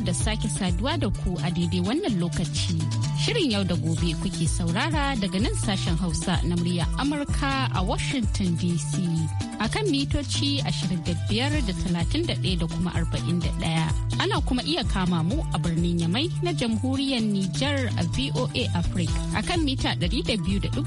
da sake saduwa da ku a daidai wannan lokaci. Shirin yau da gobe kuke saurara daga nan sashen Hausa na murya Amurka a Washington DC. A kan mitoci 25 da 31 da kuma 41. Ana kuma iya kama mu a birnin Yamai na jamhuriyar Nijar a VOA Africa a kan mita 200.5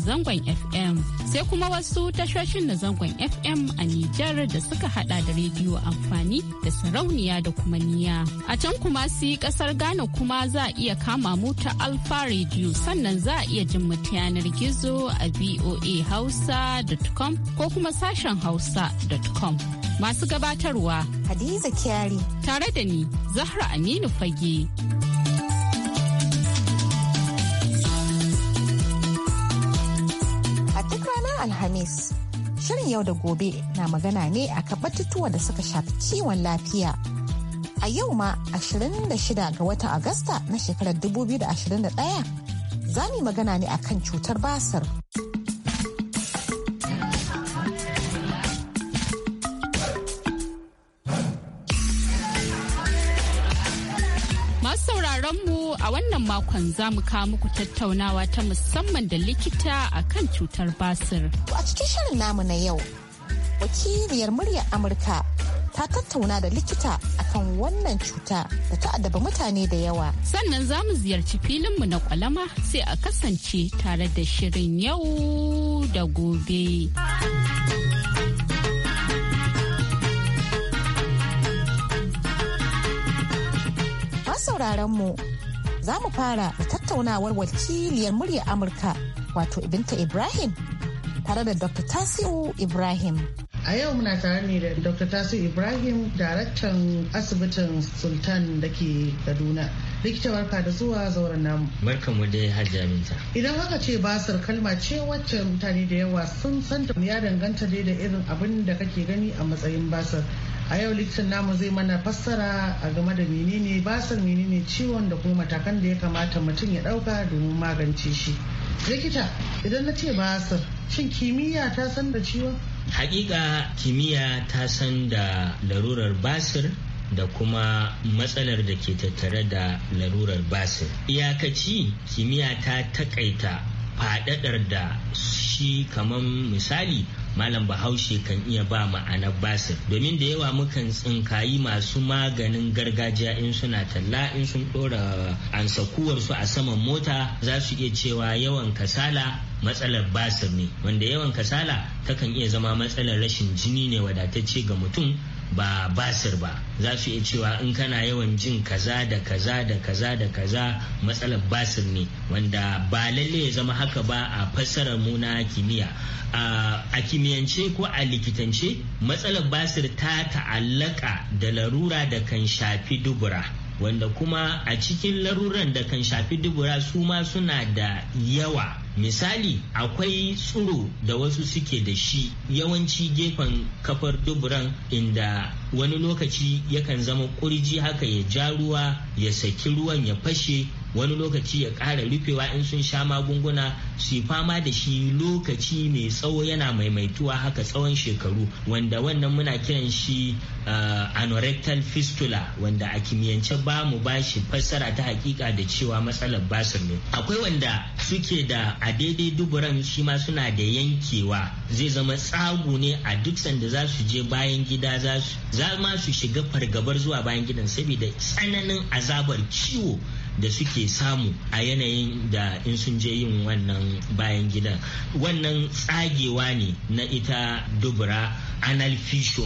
zangon FM. Sai kuma wasu tashoshin na zangon FM a Nijar da suka hada da rediyo amfani da sarauniya da kuma niya. A can kuma si kasar Ghana kuma za a iya kama mu ta Alfa rediyo sannan za a iya jin yanar gizo a voa hausa.com ko kuma sashen hausa.com. Masu gabatarwa Hadiza Kyari tare da ni Zahra Aminu Fage. A duk ranar Alhamis, shirin yau da gobe na magana ne a batutuwa da suka shafi ciwon lafiya. A yau ma 26 ga watan Agusta na shekarar 2021 za mu magana ne akan cutar basir. mu a wannan makon za mu kawo muku tattaunawa ta musamman da likita a kan cutar basir. A cikin shirin namu na yau, wakiliyar muryar Amurka ta tattauna da likita a kan wannan cuta da ta adaba mutane da yawa. Sannan za mu ziyarci filinmu na kwalama sai a kasance tare da shirin yau da gobe. sauraron mu. Za mu fara da tattaunawar wakiliyar murya Amurka wato Ibinta Ibrahim tare da Dr. Tasiu Ibrahim. A yau muna tare ne da Dr. Tasiu Ibrahim, daraktan asibitin Sultan da ke Kaduna. Likita barka da zuwa zauren namu. Barka mu dai Hajiya Binta. Idan haka ce basir kalma ce wacce mutane da yawa sun san ya danganta dai da irin abin da kake gani a matsayin basir. a yau likitan namu zai mana fassara a game da menene basar menene ciwon da kuma matakan da ya kamata mutum ya dauka domin magance shi likita idan na ce basar shin kimiyya ta san da ciwon hakika kimiyya ta san da larurar basir da kuma matsalar da ke tattare da larurar basir iyakaci kimiyya ta takaita fadadar da shi kamar misali malam bahaushe kan iya ba ma'ana basir domin da yawa mukan tsinkayi masu maganin gargajiya in suna talla in sun dora ansakuwarsu a saman mota za su iya cewa yawan kasala matsalar basir ne wanda yawan kasala takan iya zama matsalar rashin jini ne wadatacce ga mutum ba basir ba za su iya cewa in kana yawan jin kaza da kaza da kaza da kaza matsalar basir ne wanda ba lalle ya zama haka ba a fassarar mu na kimiyya a kimiyyance ko a likitance matsalar basir ta ta'allaka da larura da kan shafi dubura wanda kuma a cikin laruran da kan shafi dubura su ma suna da yawa misali akwai tsuro da wasu suke da shi yawanci gefen kafar duburan inda wani lokaci yakan zama kurji haka ya ja ruwa ya saki ruwan ya fashe wani lokaci ya ƙara rufewa in sun sha magunguna su fama da shi lokaci mai tsawo yana maimaituwa haka tsawon shekaru wanda wannan muna kiran shi uh, anorectal fistula wanda a kimiyyance ba mu ba shi fassara ta hakika da cewa matsalar basir ne akwai wanda suke da a daidai duburan shi ma suna da yankewa zai zama tsagu ne a duk sanda za su je bayan gida za ma su shiga fargabar zuwa bayan gidan saboda tsananin azabar ciwo da suke samu a yanayin da in sun je yin wannan bayan gidan wannan tsagewa ne na ita dubura anal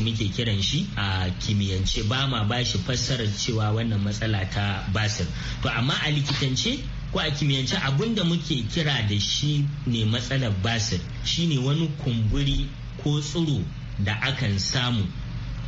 muke kiran shi a kimiyyance ba ma ba shi fassarar cewa wannan matsala ta basir to amma a likitance ko a kimiyyance abun da muke kira da shi ne matsalar basir shine wani kumburi ko tsiro da akan samu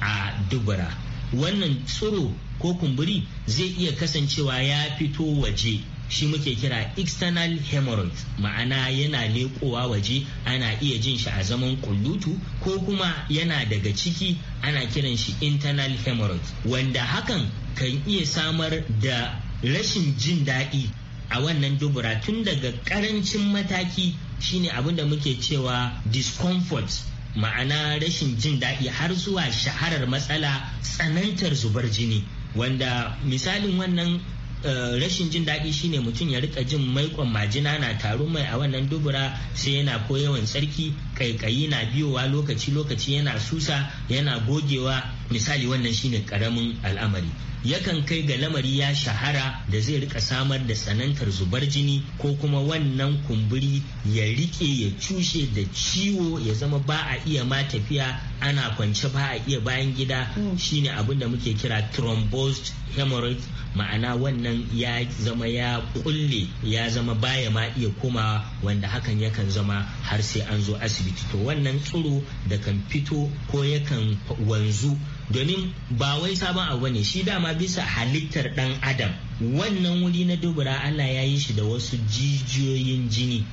a dubura wannan tsiro ko kumburi zai iya kasancewa ya fito waje shi muke kira external hemorrhoids ma'ana yana leƙowa waje ana iya jin shi a zaman kullutu ko kuma yana daga ciki ana kiran shi internal hemorrhoids wanda hakan kan iya samar da rashin jin daɗi a wannan dubura tun daga ƙarancin mataki shine abin da muke cewa discomfort ma'ana rashin jin daɗi har zuwa shaharar matsala tsanantar zubar jini wanda misalin wannan eh, rashin jin daɗi shine mutum ya rika jin maikon majina na taro mai a wannan dubura sai yana ko yawan tsarki kaikayi na biyowa lokaci lokaci yana susa yana gogewa misali wannan shine karamin al'amari yakan kai ga lamari ya shahara da zai rika samar da tsanantar zubar jini ko kuma wannan kumburi ya rike ya cushe da ciwo ya zama ba a iya ma tafiya ana kwance ba a iya bayan gida shine abin da muke kira thrombosed hemorrhoid ma'ana wannan ya zama ya kulle ya zama baya ma iya komawa wanda hakan yakan zama har sai an zo asibiti to wannan tsuro da kan fito ko yakan wanzu domin ba wai sabon abu bane shi dama bisa halittar dan adam wannan wuri na dubura Allah ya yi shi da wasu jijiyoyin jini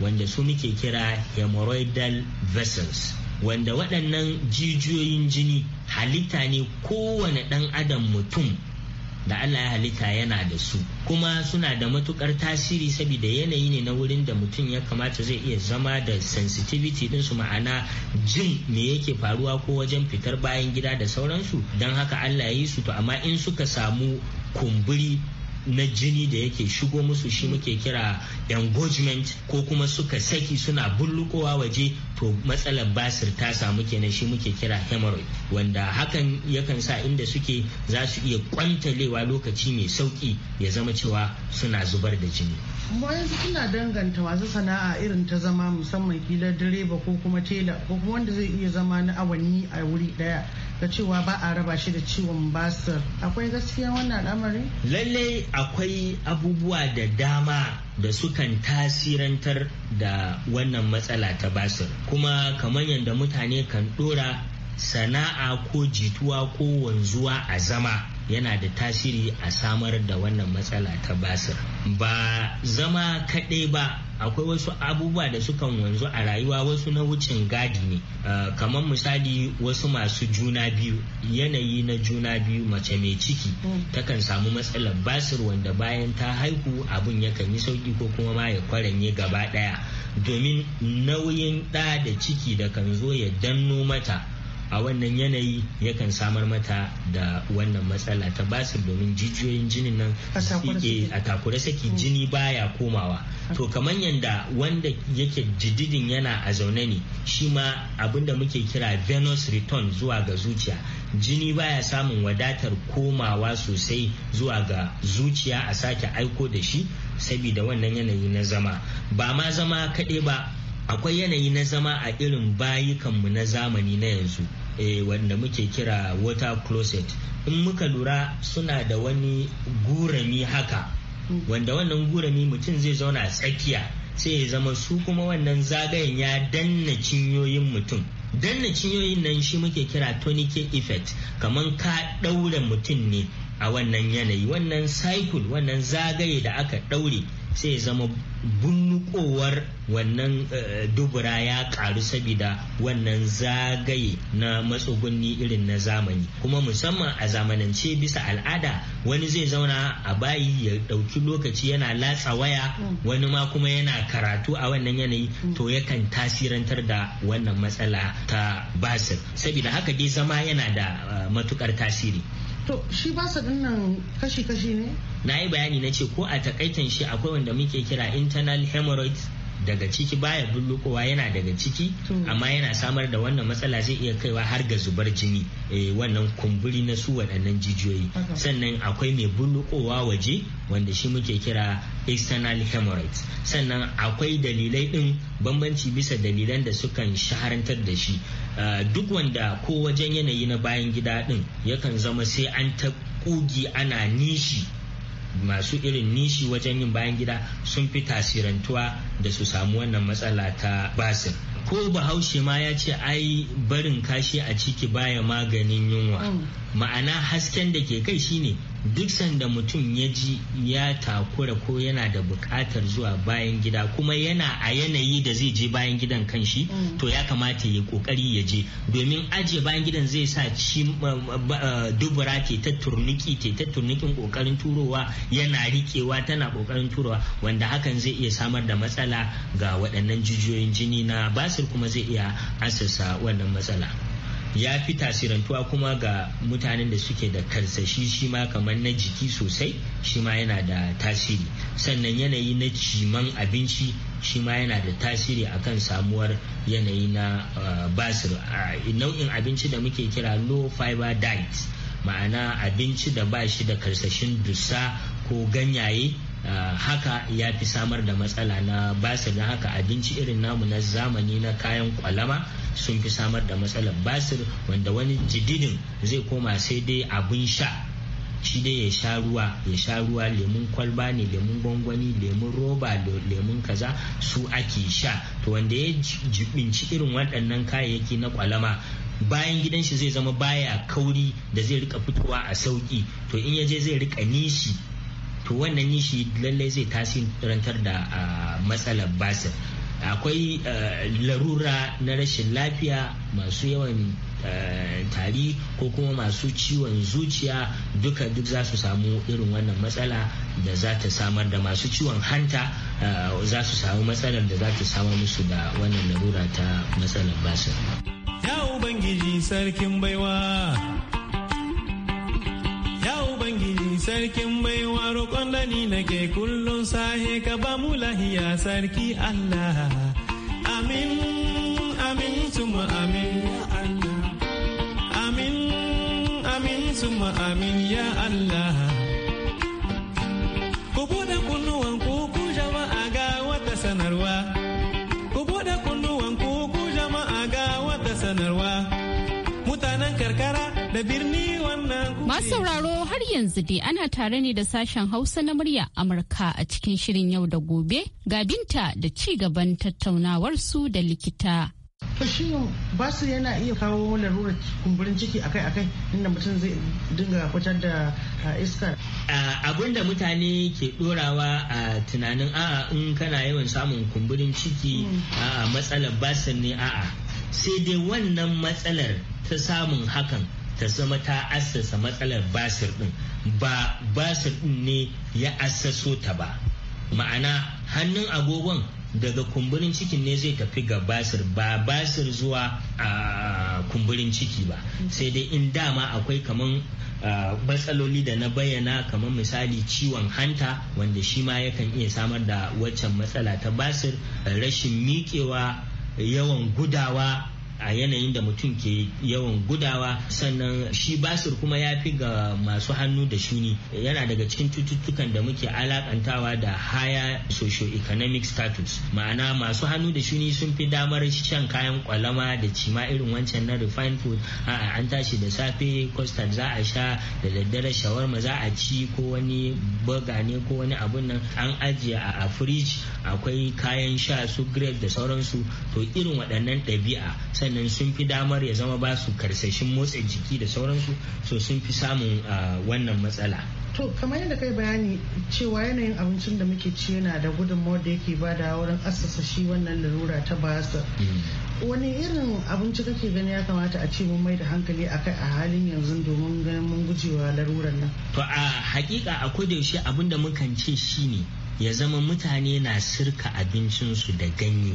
wanda su muke kira hemorrhoidal vessels wanda waɗannan jijiyoyin jini halitta ne kowane ɗan adam mutum da Allah ya halitta yana da su kuma suna da matukar tasiri saboda yanayi ne na wurin da mutum ya kamata zai iya zama da sensitivity din su ma'ana jin me yake faruwa ko wajen fitar bayan gida da sauransu don haka Allah ya yi su to amma in suka samu kumburi na jini da yake shigo musu shi muke kira engagement ko kuma suka saki suna bullukowa waje to matsalar basir ta samu kenan shi muke kira hemorrhoid wanda hakan yakan sa inda suke za su iya kwantalewa lokaci mai sauki ya zama cewa suna zubar da jini su suna danganta wasu sana'a irin ta zama musamman kila direba ko kuma tela ko kuma wanda zai iya zama na awanni a wuri daya da cewa ba a raba shi da ciwon basir akwai gaskiya wannan al'amari lalle akwai abubuwa da dama da sukan tasirantar da wannan matsala ta basir kuma kamar yadda mutane kan dora sana'a ko jituwa ko wanzuwa a zama yana da tasiri a samar da wannan matsala ta basir ba zama kaɗai ba akwai wasu abubuwa da sukan wanzu a rayuwa wasu na wucin gadi ne ah, kamar misali wasu masu juna biyu yanayi na juna biyu mace mai ciki mm. takan samu matsalar basir wanda bayan ta haihu abun yakan yi sauki ko kuma ma ya kwaranye gaba daya domin nauyin ɗa da ciki da kan zo ya danno mata a wannan yanayi yakan samar mata da wannan matsala ta basu domin jijiyoyin jinin nan a takura saki mm. jini baya komawa to kamar yadda wanda yake jididin yana a zaune ne shi ma abinda muke kira Venus return zuwa ga zuciya jini baya samun wadatar komawa sosai zuwa ga zuciya a sake aiko da shi saboda wannan yanayi na zama ba ma zama kaɗai ba akwai yanayi na zama a irin bayukanmu na zamani na yanzu eh, wanda muke kira water closet in muka lura suna da wani gurami haka wanda wannan gurami mutum zai zauna a tsakiya sai ya zama su kuma wannan zagayen ya danna cinyoyin mutum danna cinyoyin nan shi muke kira tourniquet effect kamar ka ɗaure mutum ne a wannan yanayi wannan cycle wannan zagaye da aka ɗaure sai zama bunnukowar wannan eh, dubura ya karu saboda wannan zagaye na matsugunni irin na zamani kuma musamman a zamanance bisa al'ada wani zai zauna a bayi ya dauki lokaci yana latsa waya mm. wani ma kuma yana karatu a wannan yanayi mm. to yakan tasirantar da wannan matsala ta basir saboda haka dai zama yana da eh, matukar tasiri to shi basa dinnan kashi-kashi ne na yi bayani na ce ko a takaitan shi akwai wanda muke kira internal hemorrhoids daga ciki baya bulukowa yana daga ciki hmm. amma yana samar da wannan matsala zai iya kaiwa har ga zubar jini eh, wannan kumburi na su waɗannan jijiyoyi sannan akwai mai bulukowa waje wanda shi muke kira external hemorrhoids sannan akwai dalilai ɗin bambanci bisa dalilan da sukan shaharantar da shi eh, duk wanda ko wajen yanayi na bayan gida ɗin yakan zama sai an ta kugi ana nishi masu irin nishi wajen yin bayan gida sun fi tasirantuwa da su samu wannan matsala ta Basin ko bahaushe ma ya ce ai barin kashi a ciki baya maganin yunwa mm. ma'ana hasken da ke kai shine duk sanda mutum ya ji ya takura ko yana da bukatar zuwa bayan gida kuma yana a yanayi da zai je bayan gidan kanshi mm. to ya kamata ya kokari ya je domin ajiye bayan gidan zai sa ci eh, dubura ke ta turniki ke ta turnikin kokarin turowa yana rikewa tana kokarin turowa wanda hakan zai iya samar da matsala ga waɗannan jijiyoyin jini na basir kuma zai iya asasa wannan matsala ya fi tasirantuwa kuma ga mutanen da suke da karsashi shi ma kamar na jiki sosai shi ma yana da tasiri sannan yanayi na ciman abinci shi ma yana da tasiri akan samuwar yanayi na eh, basir nau'in abinci da muke kira low fiber diet ma'ana abinci da ba shi da karsashin dusa ko ganyaye eh, haka ya fi samar da matsala na basir na haka abinci irin namu na zamani na kayan kwalama sun fi samar da matsalar basir wanda wani jididin zai koma sai dai abin sha shi dai ya sha ruwa ya sha ruwa lemun kwalba ne lemun gwangwani lemun roba lemun kaza su ake sha to wanda ya jibinci irin waɗannan kayayyaki na kwalama bayan gidan shi zai zama baya kauri da zai rika fitowa a sauki to in yaje zai rika nishi to wannan nishi lallai zai tasirantar da ah, matsalar basir akwai eh, larura na rashin lafiya masu yawan eh, tari ko kuma masu ciwon zuciya duka duk za su samu irin wannan matsala da za ta samar da masu ciwon hanta eh, za su samu matsalar da za ta samar musu da wannan larura ta matsalar basa. Ya Ubangiji sarkin baiwa. sarkin baiwa roƙon da ni nake kullum sahe ka ba mu lahiya sarki Allah. Amin, amin, suma amin ya Allah. Amin, amin, suma amin ya Allah. Ku buɗe kunnuwan da birni wannan Masu sauraro har yanzu dai ana tare ne da sashen Hausa na murya Amurka a cikin shirin yau da gobe ga binta da ci gaban tattaunawar su da likita. To shi basu yana iya kawo larurar kumburin ciki akai-akai inda mutum zai dinga fitar da uh, iska. Abin da mutane ke dorawa a tunanin a'a in kana yawan samun kumburin ciki hmm. a matsalar basin ne a'a sai dai wannan matsalar ta samun hakan ta zama ta assasa matsalar basir din ba basir din ne ya assaso ta ba ma'ana hannun agogon daga kumburin cikin ne zai tafi ga basir ba basir zuwa a kumburin ciki ba sai dai in dama akwai kaman matsaloli da na bayyana kamar misali ciwon hanta wanda shi ma yakan iya samar da waccan matsala ta basir rashin miƙewa yawan gudawa a yanayin da mutum ke yawan gudawa sannan shi basir kuma ya fi ga masu hannu da shuni yana daga cikin cututtukan da muke alakantawa da haya socio-economic status ma'ana masu hannu da shuni sun fi damar shan kayan kwalama da cima irin wancan na refined food a'a an tashi da safe custard za a sha da daddare shawarma za a ci ko wani burger ne ko wani abun nan an ajiye a fridge akwai kayan sha su grape da sauransu to irin waɗannan ɗabi'a sannan sun fi damar ya zama ba su karsashin motsa jiki da sauransu so sun fi samun ah, wannan matsala to kamar yadda kai bayani cewa yanayin abincin da muke ci yana da gudunmawar da yake bada wurin assasa shi wannan larura ta basa mm. wani irin abinci kake gani ya kamata a ce mun mai da hankali a kai a halin yanzu domin ganin mun gujewa larurar nan to a hakika a kodayaushe abin da mukan ce shi ne ya zama mutane na sirka abincinsu da ganye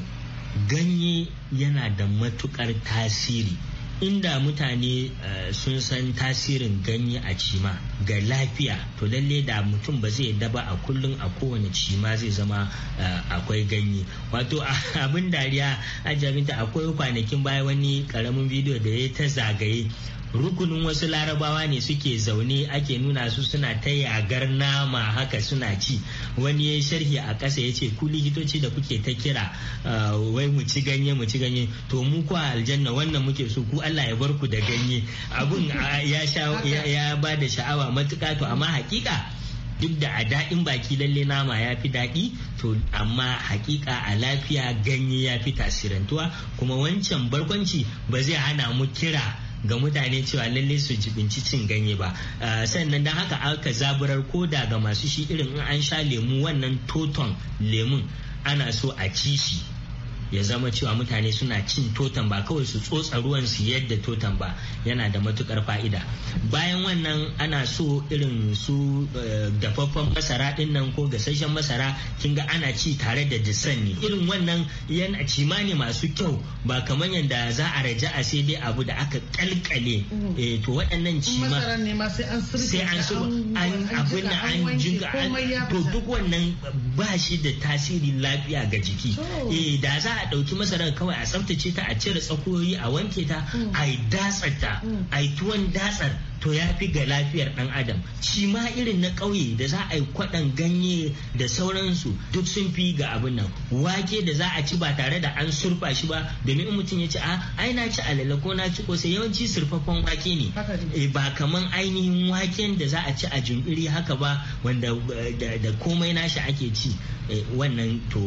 ganye yana da matukar tasiri inda mutane uh, sun san tasirin ganye a cima ga lafiya to lalle da mutum ba zai daba a kullum a kowane cima zai zama uh, akwai ganye wato abin dariya a jami'ta akwai kwanakin baya wani karamin bidiyo da ya ta zagaye rukunin wasu larabawa ne suke zaune ake nuna su suna ta yagar nama haka suna ci wani ya sharhi a ƙasa ya ce ku likitoci da kuke ta kira uh, wai mu ci ganye mu ci ganye to mu a aljanna wannan muke so ku Allah ya bar ku da ganye abun uh, ya ba da sha'awa matuƙa to amma hakika duk da a daɗin baki lalle nama ya fi daɗi to amma hakika a lafiya ganye ya fi tasirantuwa kuma wancan barkwanci ba zai hana mu kira ga mutane cewa lalle su jibinci cin ganye ba eh, sannan don haka aka zaburar koda ga masu shi irin in an sha lemu wannan toton lemun ana so a ci shi ya zama cewa mutane suna cin totan ba kawai su tsotsa ruwan su yadda totan ba yana da matukar fa'ida bayan wannan ana so irin su eh, dafaffen masara din nan ko gasasshen masara kin ga ana ci tare da disan ne irin wannan yana cima ne masu kyau ba kamar yadda za a raja a sai dai abu da aka kalkale mm-hmm. eh, to waɗannan cima sai an an abin da an jinga to duk wannan ba shi da tasiri lafiya ga jiki eh, da za a ɗauki masarar kawai a tsaftace ta a cire tsakuyoyi a wanke ta mm. a yi datsar ta mm. a yi tuwon datsar to ya fi ga lafiyar ɗan adam shi ma irin na ƙauye da za a yi kwaɗan ganye da sauransu duk sun fi ga abin nan wake da za a ci ba tare da an surfa shi ba domin in mutum ya ci a ah, ai na ci alala ko na ci kosai yawanci surfaffen wake ne eh, ba kaman ainihin waken da za a ci a jumɓiri haka ba wanda eh, da komai nashi ake ci eh, wannan to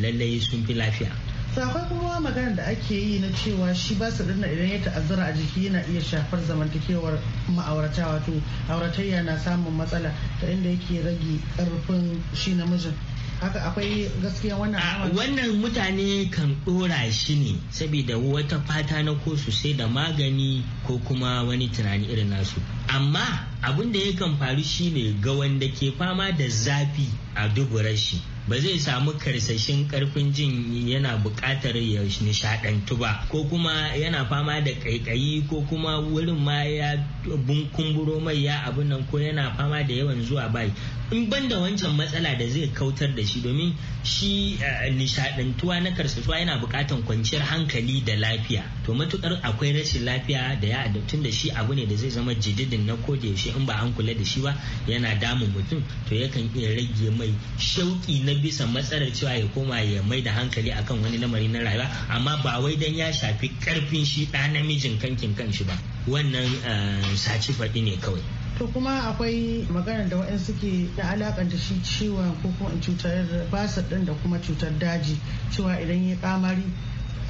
lallai sun fi lafiya to akwai kuma magana da ake yi na cewa shi ba su dinna idan ya ta'azzara a jiki yana iya shafar zamantakewar ma'aurata wato auratayya na samun matsala ta inda yake rage karfin shi namijin haka akwai gaskiya wannan wannan mutane kan dora shi ne saboda wata fata na ko su sai da magani ko kuma wani tunani irin nasu amma abin da ya kan faru shine ga wanda ke fama da zafi a duburar shi ba zai samu karsashin karfin jin yana buƙatar ya nishadantu ba ko kuma yana fama da ƙaiƙayi ko kuma wurin ma ya bun kumburo mai ya abin nan ko yana fama da yawan zuwa bai in ban da wancan matsala da zai kautar da shi domin shi eh, nishadantuwa na karsatuwa yana bukatan kwanciyar hankali da lafiya to matukar akwai rashin lafiya da ya adabtun da shi abu ne da zai zama jididin na koda yaushe in ba an kula da shi ba yana damun mutum to yakan iya rage mai shauki na bisa matsalar cewa ya koma ya mai da hankali akan wani lamari na rayuwa amma ba wai dan ya shafi karfin shi ɗa namijin kankin kanshi ba wannan eh, saci faɗi ne kawai to kuma akwai maganar da waɗansu suke na alakanta shi ciwon ko kuma cutar basir din da kuma cutar daji cewa idan ya kamari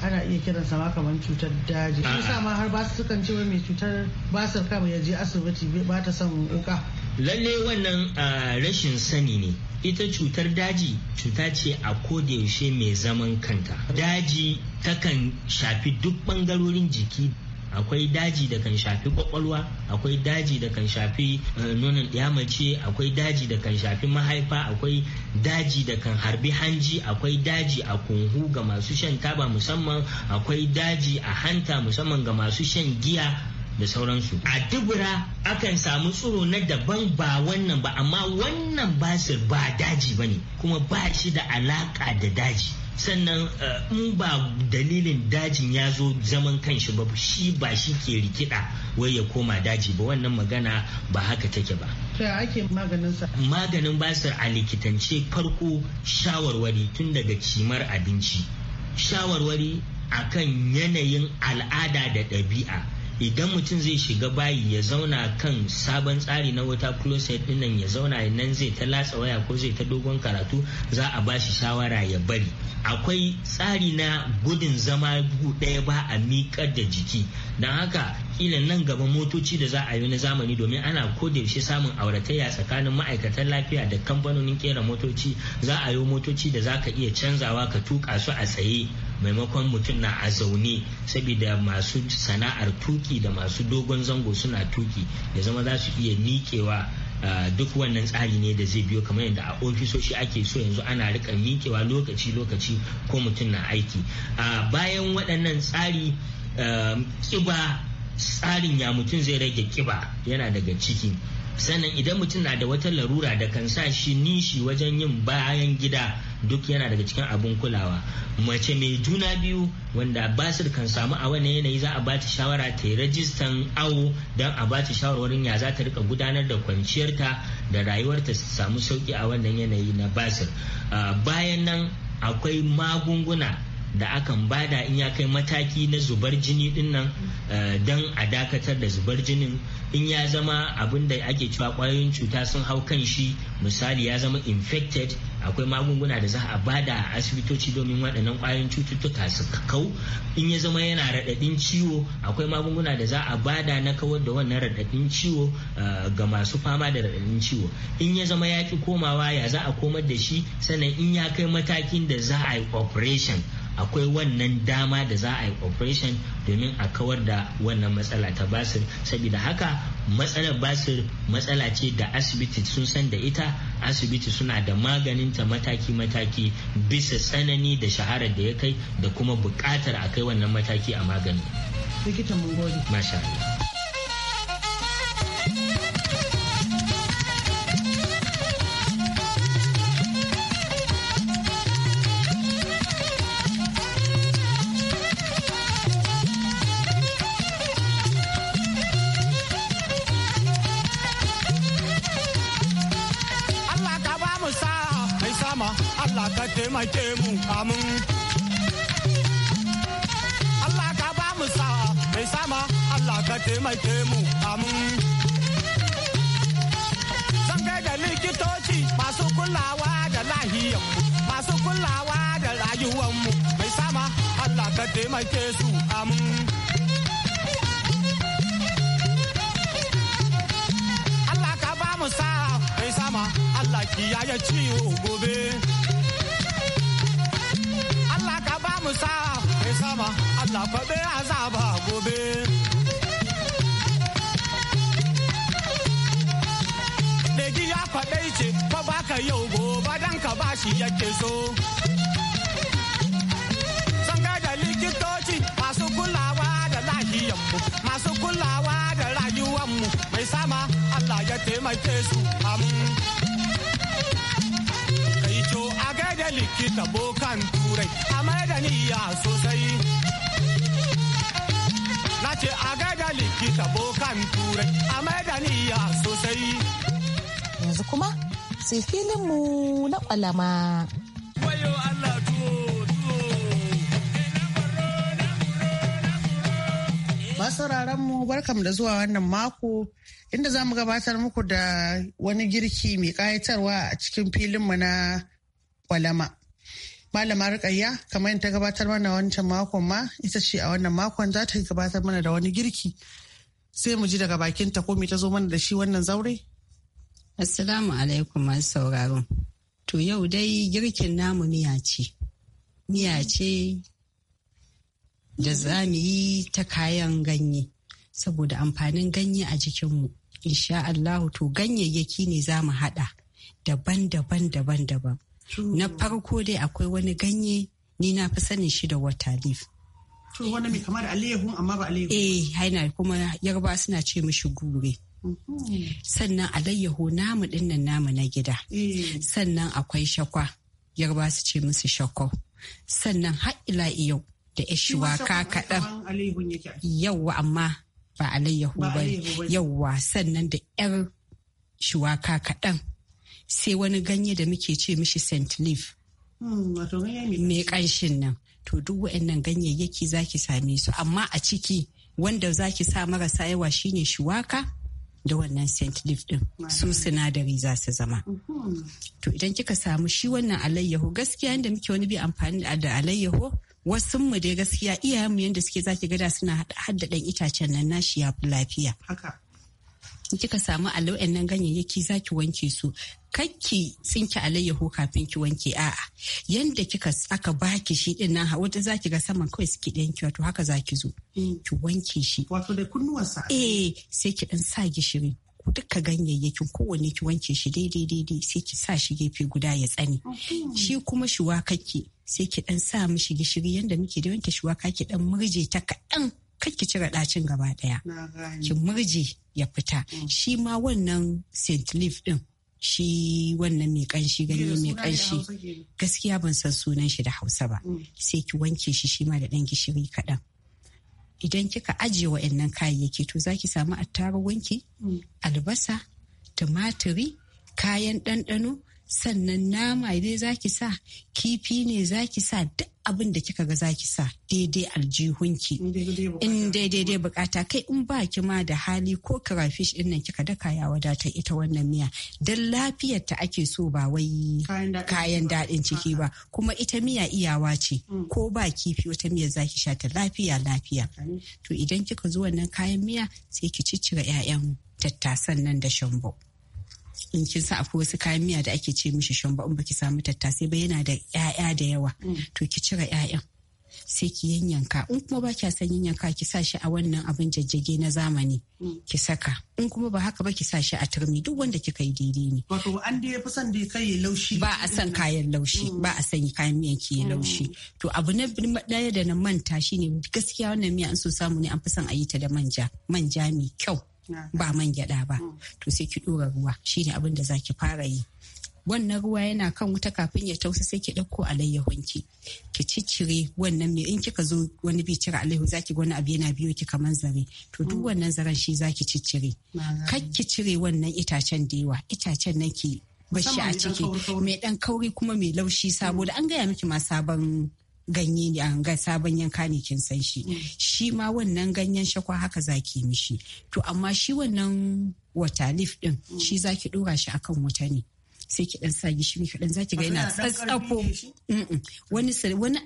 ana iya kiransa ma kamar cutar daji shi sa ma har basu sukan cewa mai cutar basir kama ya je asibiti ba ta son wuka lalle wannan rashin sani ne ita cutar daji cuta ce a kodayaushe mai zaman kanta daji takan shafi duk bangarorin jiki akwai daji da kan shafi kwakwalwa akwai daji da kan shafi eh, nonon mace akwai daji da kan shafi mahaifa akwai daji da kan harbi hanji akwai daji a kunhu ga masu shan taba musamman akwai daji a hanta musamman ga masu shan giya da sauransu a dubura akan samu tsoro na daban ba wannan ba amma wannan basir ba daji ba ne kuma ba shi da alaka da daji sannan eh, in ba dalilin dajin ya zo zaman kanshi ba shi ba shi ke rikida wai ya koma daji ba wannan magana ba haka take ba ake maganin sa maganin basir a likitance farko shawarwari tun daga cimar abinci shawarwari akan yanayin al'ada da ɗabi'a idan mutum zai shiga bayi ya zauna kan sabon tsari na water closet dinnan ya zauna nan zai ta latsa waya ko zai ta dogon karatu za a ba shi shawara ya bari akwai tsari na gudun zama ɗaya ba a miƙar da jiki don haka kila nan gaba motoci da za a yi na zamani domin ana kodayaushe samun auratayya tsakanin ma'aikatan lafiya da kamfanonin kera motoci za a yi motoci da za ka iya canzawa ka tuka su a tsaye maimakon mutum na a zaune saboda masu sana'ar tuki da masu dogon zango suna tuki da zama za su iya miƙewa duk wannan tsari ne da zai biyo kamar yadda a ofisoshi ake so yanzu ana rika miƙewa lokaci-lokaci ko mutum na aiki bayan waɗannan tsari ƙiba tsarin ya mutum zai rage ƙiba yana daga ciki sannan idan mutum na da wata larura da kan sa shi nishi wajen yin bayan gida duk yana daga cikin abin kulawa mace mai juna biyu wanda basir kan samu a wannan yanayi za a ba ta shawara ta yi rajistan awo don a ba ta shawarwarin ya za ta rika gudanar da kwanciyarta da rayuwarta su samu sauki a wannan yanayi na basir ah, bayan nan akwai magunguna da akan bada in ya kai mataki na zubar jini din nan eh, don a dakatar da zubar jinin in ya zama abin da ake cewa kwayoyin cuta sun hau kan shi misali ya zama infected akwai magunguna da za a bada a asibitoci domin waɗannan kwayoyin cututtuka su kau in ya zama yana raɗaɗin ciwo akwai magunguna da za a bada na kawar da wannan raɗaɗin ciwo eh, ga masu fama da raɗaɗin ciwo in ya zama ya ki komawa ya za a komar da shi sannan in ya kai matakin da za a yi operation akwai wannan dama da za a yi operation domin a kawar da wannan matsala ta basir saboda haka matsalar basir matsala ce da asibiti sun san da ita asibiti suna da maganinta mataki-mataki bisa tsanani da shaharar da ya kai da kuma bukatar a kai wannan mataki a magani. Likita Masha Allah. Allah ka taimake mu amin. Allah ka ba mu sa mai sama Allah ka taimake mu amin. Zan kai da likitoci masu kulawa da lahiyar masu kulawa da rayuwar mu mai sama Allah ka taimake su amin. Allah ka ba mu sa mai sama Allah kiyaye ciwo gobe. musa sa mai sama Allah kwabe azaba gobe. Daji ya kwaɗe ce fa baka yau gobe dan ka bashi yake so. Sun da likitoci masu kulawa da lahiyanmu masu kulawa da rayuwanmu mai sama Allah ya taimake su amin. Kai co a gaida likita bokan turai a da niyya sosai na ce a gaida likita bokan turai a da niyya sosai yanzu kuma sai filinmu na kwalama sauraron mu barkam da zuwa wannan mako inda za mu gabatar muku da wani girki mai kayatarwa a cikin filinmu na kwalama. Malama Rukayya kamar ta gabatar mana wancan makon ma ita ce a wannan makon za ta gabatar mana da wani girki. Sai mu ji daga bakin ta me ta zo mana da shi wannan zaure. Assalamu alaikum masu sauraro. To yau dai girkin namu miya ce. Miya ce da za mu yi ta kayan ganye saboda amfanin ganye a jikinmu. Insha Allahu to ganyayyaki ne za mu haɗa daban-daban daban-daban. na farko dai akwai wani ganye ni na fi sanin shi da water leaf wani mai kamar da amma ba alayyahu eh haina kuma yarba suna ce mishi gure mhm. sannan alayyahu namu dinnan namu na gida eh. sannan akwai shakwa yarba su ce musu shakwa sannan har ila yau da ishiwa ka kaɗan yauwa amma ba alayyahu ba yauwa sannan da yar shiwaka kaɗan sai wani ganye da muke ce mishi st leaf hmm, mai kanshin nan to duk wa'annan ganyayyaki zaki same su amma a ciki wanda zaki sa marasa yawa shine shuwaka da wannan st leaf din su sinadari za su zama hmm. to idan kika samu shi wannan alayyaho gaskiya inda muke wani bi amfani da alayyaho wasu mu dai gaskiya iyayenmu yadda suke zaki gada suna hada itacen nan nashi ya fi lafiya kika samu aloen nan ganyayyaki za ki wanke su kakki tsinki alayyahu kafin ki wanke a'a yanda kika aka baki shi din nan wata zaki ga saman kawai suke ɗayan ki wato haka ki zo mm, ki wanke shi wato da kunnuwansa eh sai ki dan sa gishiri duka ganyayyakin kowanne ki wanke shi daidai daidai sai ki sa shi gefe guda ya tsane shi kuma kakki sai ki dan sa mishi gishiri yanda muke da wanke shuwaka ki dan murje ta kaɗan kai ki cire ɗacin gaba ɗaya ki murje ya fita mm. shi ma wannan st leaf din shi wannan mai ƙanshi, gani mai ƙanshi. gaskiya ban san sunan shi da hausa ba mm. sai ki wanke shi shi ma da ɗan gishiri kaɗan idan kika ajiye wa'annan kayayyaki to za ki samu wanki? Mm. albasa tumatiri kayan ɗanɗano sannan nama ne za ki sa kifi ne za ki sa duk abin da kika ga zaki sa daidai aljihunki in daidai dai bukata kai in ba ki ma da hali ko crayfish din nan kika daka ya wadatar ita wannan miya dan lafiyar ta ake so ba wai kayan daɗin ciki ba kuma ita miya iyawa ce mm. ko ba kifi wata miya zaki sha ta lafiya lafiya to idan kika zo wannan kayan miya sai ki ciccire 'ya'yan tattasan nan da shambo in kin sa akwai wasu kayan miya da ake ce mishi shamba in baki samu tattasai ba yana da ƴaƴa da yawa mm. to ki cire ƴaƴan sai ki yanyanka in kuma ba kya san yanyanka ki sa shi a wannan abin jajjage na zamani mm. ki saka in kuma ba haka ba ki sa shi a turmi duk wanda kika yi daidai ne wato an da fi son da kai laushi ba a san kayan laushi mm. ba a san kayan miya ki yi laushi to abu na daya da na manta shine gaskiya wannan miya an so samu ne an fi son a yi ta da manja manja mai kyau ba ah. man gyada ba mm. to sai ki dora ruwa Shi ne abin da za ki fara yi wannan ruwa yana kan wuta kafin ya tausa sai ki ɗauko alayyahunki ki ciccire wannan mai in kika zo wani bi cire alayyahu zaki wani abu yana biyo ki kamar zare to duk mm. wannan zaren shi za ki ciccire kar ki cire wannan itacen da yawa itacen nan ki bashi a ciki mai ɗan kauri kuma mai laushi saboda an gaya miki ma sabon ganye ne ga sabon yanka ne kin san shi mm. shi ma wannan ganyen shakwa haka zaki mishi to amma shi wannan wata leaf din mm. shi zaki dora shi akan wuta ne sai ki dan sa gishiri kaɗan zaki ga yana tsatsako wani wani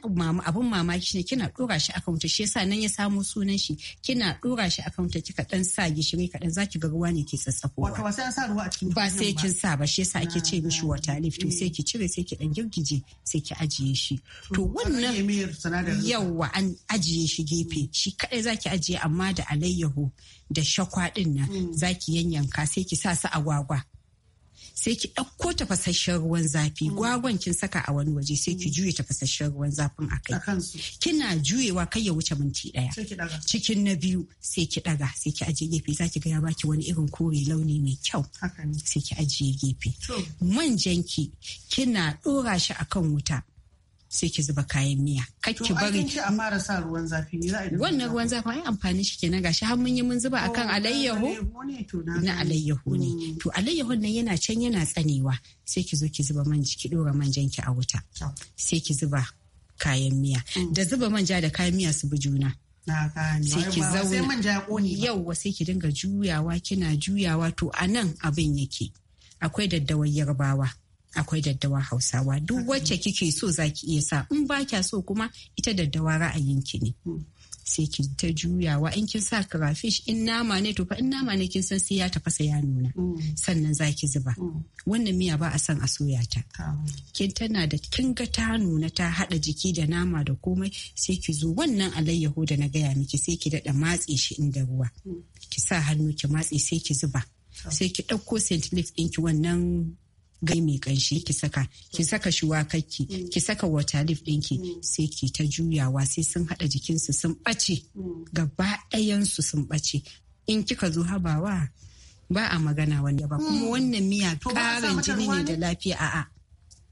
abun mamaki ne kina dora shi akan wuta shi yasa nan ya samo sunan shi kina dora shi akan wuta kika dan sa gishiri kaɗan zaki ga ruwa ne ke tsatsako ba sai an sa ba sai kin sa ba shi yasa ake ce mishi ah, water leaf to eh. sai ki cire sai ki dan girgije sai ki ajiye shi to wannan yawa an ajiye shi gefe mm. shi kaɗai zaki ajiye amma da alayyahu da shakwa din nan mm. zaki yanyanka sai ki sa su agwagwa sai ki ɗauko tafasasshen ruwan zafi mm. gwagwan kin saka a wani waje sai ki mm. juye tafasasshen ruwan zafin a kai kina juyewa kai ya wuce minti ɗaya cikin na biyu sai ki ɗaga sai ki ajiye gefe za ki ga ya baki wani irin kore launi mai kyau sai ki ajiye gefe ki kina ɗora shi akan wuta sai ki zuba kayan miya kar bari to a mara sa ruwan zafi ne za wannan ruwan zafi ai amfani shi kenan gashi har mun yi mun zuba akan alayyahu oh, na alayyahu ne to alayyahu hmm. nan yana can yana tsanewa sai ki zo ki zuba man ki dora manjan ki a wuta sai ki zuba kayan miya hmm. da zuba manja da kayan miya su bi juna sai ki zauna yauwa sai ki dinga juyawa kina juyawa to a nan abin yake akwai daddawar yarbawa akwai daddawa hausawa duk wacce kike so zaki iya sa in ba kya so kuma ita daddawa ra'ayinki ne hmm. sai ki ta juyawa in kin sa crayfish in nama ne to fa in nama ne kin san sai ya tafasa ya nuna hmm. sannan za ki zuba hmm. wannan miya ba a san a soya ta kin tana da kin ga ta nuna ta hada jiki da nama da komai sai ki zo wannan alayyaho da na gaya miki sai ki dada matse shi inda ruwa ki sa hannu ki matse sai ki zuba sai ki ɗauko st leaf ɗinki wannan gai mai kanshi ki saka ki saka shuwakakki mm. ki saka water leaf ɗinki mm. sai ki ta juyawa sai sun haɗa jikinsu sun ɓace mm. gaba ɗayansu sun bace in kika zo habawa ba a magana wani ba kuma wannan miya ƙarin jini ne da lafiya a'a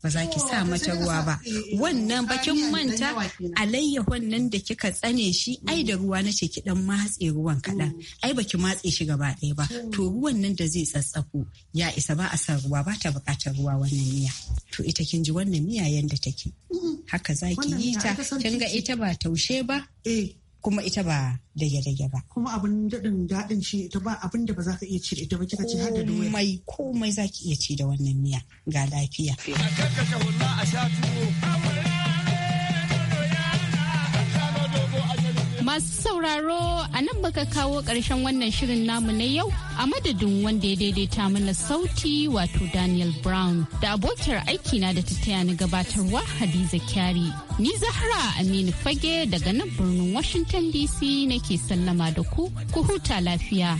ba za ki sa mata ruwa ba wannan bakin manta alayyahon nan da kika tsane shi ai da ruwa na ce ki dan matse ruwan kaɗan ai baki matse shi gaba ɗaya ba to ruwan nan da zai tsatsako ya isa ba a sa ruwa ba ta buƙatar ruwa wannan miya to ita kin ji wannan miya yanda take haka za ki yi ta kin ga ita ba taushe ba eh. kuma ita ba dage-dage ba. Kuma abin daɗin daɗin shi ita ba abin da ba za ka iya ci da ita ba kika ci har da doya. Komai komai za ki iya ci da wannan miya ga lafiya. A kakkashe wallah a sha tuwo. Masu sauraro a nan baka kawo ƙarshen wannan shirin namu na yau a madadin wanda ya daidaita mana sauti wato Daniel Brown da abokiyar aikina da ta taya ni gabatarwa Hadiza Kyari. Ni Zahra Aminu Fage daga nan birnin Washington DC nake sallama da ku, ku huta lafiya.